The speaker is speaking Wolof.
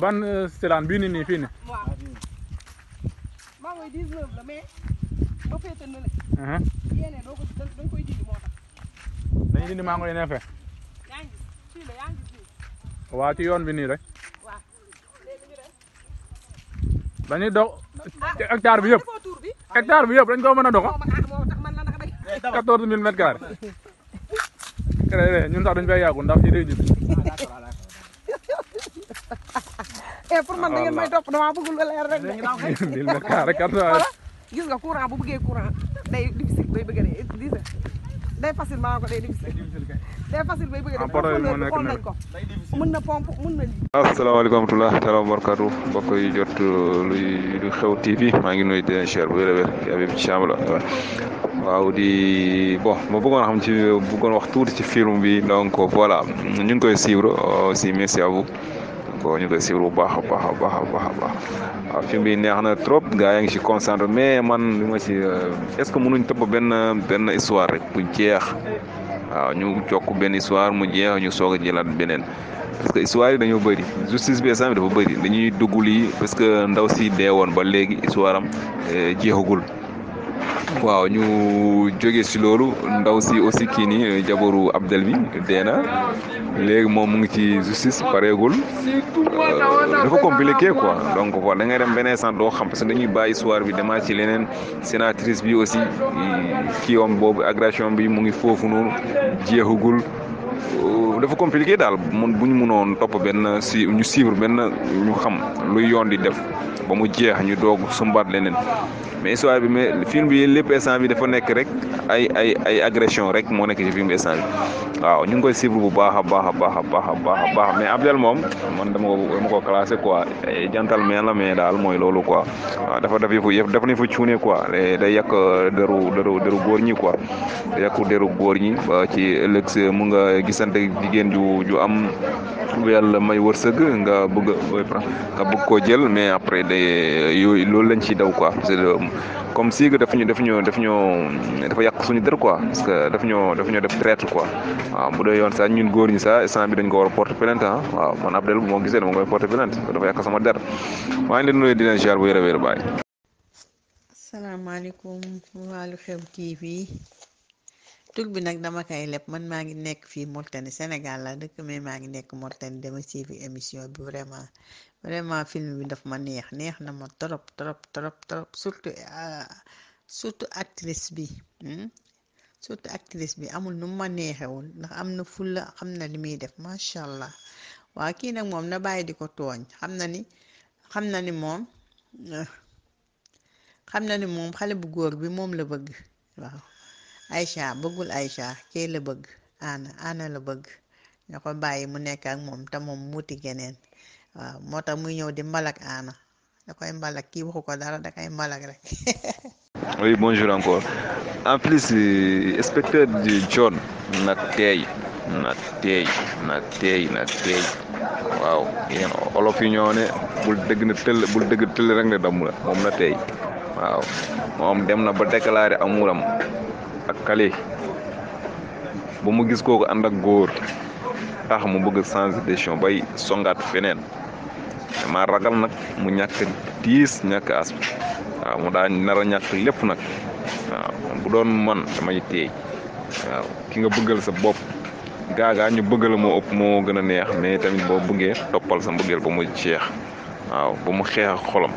ban euh, selaan bii nii nii fii nii. waaw maa maa ngi lay neefee. yaa ci yoon bi nii rek. waaw léegi ah. hectare bi yëpp. Ah, hectare bi yëpp dañ ko mën a dox. 14000 ah, mètres créé ñun sax dañu fay yàggu ndax fii day jub. e pour man da ngeen may topp damaa bëgg lu leer rek de. dil ma kaar kat waaye. gis nga courant bu bëggee courant day difficile day bëgg a dee day facile maa ko day difficile. day facile bay bëgg a dee xool nañ ko. mën na pompe mën na lii. asalaamaaleykum wa rahmatulah taala wa barakaatu mbokk yi jot eh, luy lu xew TV maa ngi nuy di leen cher bu wér a wér ci Habib Thiam la waaw di bon ma bëggoon xam ci bëggoon wax tuuti ci film bi donc voilà ñu ngi koy suivre euh, aussi merci à vous bu baax a baax a baax a baax film bi neex na trop gars yaa ngi ci concentré mais man li ma ci euh, est-ce que mënuñ topp benn benn histoire rek bu jeex waaw ñu jokk benn histoire mu jeex ñu soog a jëlaat beneen. parce que histoire yi dañoo bëri justice bi instant dafa bëri dañuy dugg lii parce que ndaw si dee woon ba léegi histoire am euh, jeexagul. waaw ñu jóge si loolu ndaw si aussi kii nii jabaru Abdel bi dee na léegi moom mu ngi ci justice pareegul euh, dafa compliqué quoi donc voilà da ngay dem beneen sant doo xam parce dañuy bàyyi histoire bi demaat ci leneen sénatrice bi aussi kii woon boobu agression bi mu ngi foofu noonu jeexagul. Euh, dafa compliqué daal mun bu ñu mënoon topp benn si ñu suivre benn ñu xam luy yoon di def ba mu jeex ñu doog sumbaat leneen mais histoire bi mais film bi lépp instant bi dafa nekk rek ay ay ay agression rek moo nekk ci film instant bi waaw ñu ngi koy suivre bu baax a baax a baax a baax a baax mais Abdel moom man dama ko dama ko classé quoi gentleman la mais daal mooy loolu quoi waaw dafa def yëfu yëf dafa ne fa cuune quoi day da deru deru deru ñi quoi day yàq deru góor ñi ba ci ëllëg mu nga gis gisante jigéen ju ju am bu yàlla may wërsëg nga bëgg nga bëgg koo jël mais après de yooyu loolu lañ ciy daw quoi parce que euh, comme si que dafa ñu def ñu def ñoo dafa yàq suñu dër quoi parce que dafa ñoo dafa ñoo def traite quoi waaw bu dee yoon sax ñun góor ñi sax instant bi dañ ko war a porter plainte ah waaw man Abdel bu moo gisee dama koy porter plainte dafa yàq sama der maa ngi leen nuyu dina ziar bu yore wéer baay. asalaamaaleykum waa Lu Xew TV. tur bi nag dama koy leb man maa ngi nekk fii Mauritanie Sénégal la dëkk mais maa ngi nekk Mauritanie dama suivi émission bi vraiment vraiment film bi daf ma neex neex na ma trop trop trop trop surtout ah, surtout actrice bi hmm? surtout actrice bi amul nu ma neexewul ndax am na fulla xam na li muy def macha allah waa kii nag moom na bàyyi di ko tooñ xam na ni xam na ni moom ah, xam na ni moom xale bu góor bi moom la bëgg waaw Aïcha bëggul Aïcha kee la bëgg ana ana la bëgg ñoo ko bàyyi mu nekk ak moom te moom muuti geneen waaw moo tax muy ñëw di mbalak ana da mbalak kii waxu ko dara da mbalak rek. oui bonjour encore en plus inspecteur di John nag teey nag teey nag teey nag teey waaw yéen olof ne bul dëgg na tëll bul rek ne na teey waaw moom dem na ba déclaré amuram ak xale ba mu gis kooku ànd ak góor tax mu bëgg changer décision bay songaat feneen dama ragal nag mu ñàkk tiis ñàkk as waaw mu daa nar ñàkk lépp nag waaw bu doon man damay téye waaw ki nga bëggal sa bopp gaa ñu bëgg la moo ëpp moo gën a neex mais tamit boo bëggee toppal sa mbëggeel ba mu jeex waaw ba mu xeex xolom